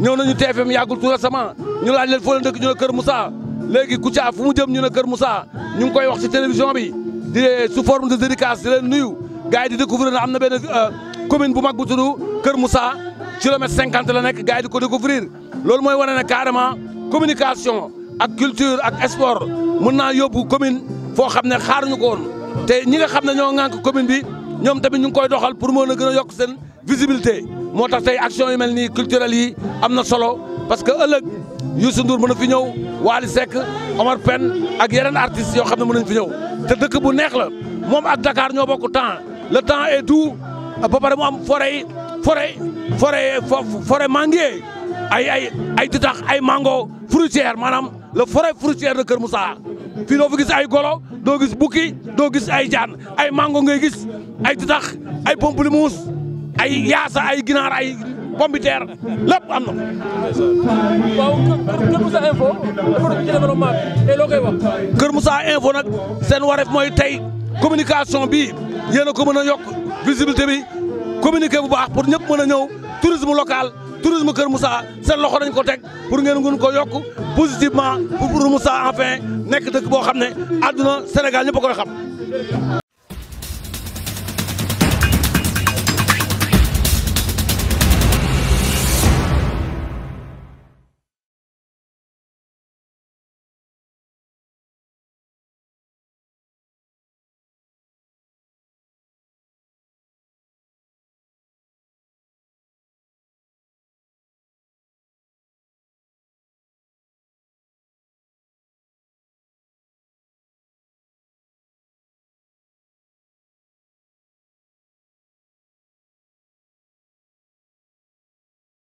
ñëw nañu TFM tout récemment ñu laaj leen foo leen dëkk ñu Moussa Nous ci fu mu jëm ñu ñu ngi koy télévision bi di sous forme de dédicace di leen nuyu découvrir na euh, commune bu mag bu tudd Kër Moussa la nekk gaay di ko découvrir loolu mooy wane communication ak culture ak sport mën naa yóbbu commune ñi nga ñoo commune bi ñu ngi koy doxal pour visibilité moo tax tey action yu mel nii culturelle yi am na solo parce que ëllëg Youssou Ndour mën na fi ñëw Waly Seck Omar Pène ak yeneen artistes yoo xam ne mën nañ fi ñëw te dëkk bu neex la moom ak Dakar ñoo bokk temps le temps est tout ba pare mu am forêt forêt forêt forêt manguier ay ay ay ditax ay mango fruitière maanaam le forêt fruitière na Kër Moussa fii doo fi gis ay golo doo gis bukki doo gis ay jaan ay mango ngay gis ay ditax ay pamplemousse ay yaasa ay ginaar ay pombiteer lépp am na ko. waaw Kër Moussa Info dafa seen wareef mooy tey communication bi yéen ko mën a yokk visibilité bi communiquer bu baax pour ñëpp mën a ñëw tourisme local. tourisme Kër Moussa seen loxo dañ ko teg pour ngeen ngun ko yokk positivement pour Moussa enfin nekk dëkk boo xam ne àdduna Sénégal ñëpp a koy xam.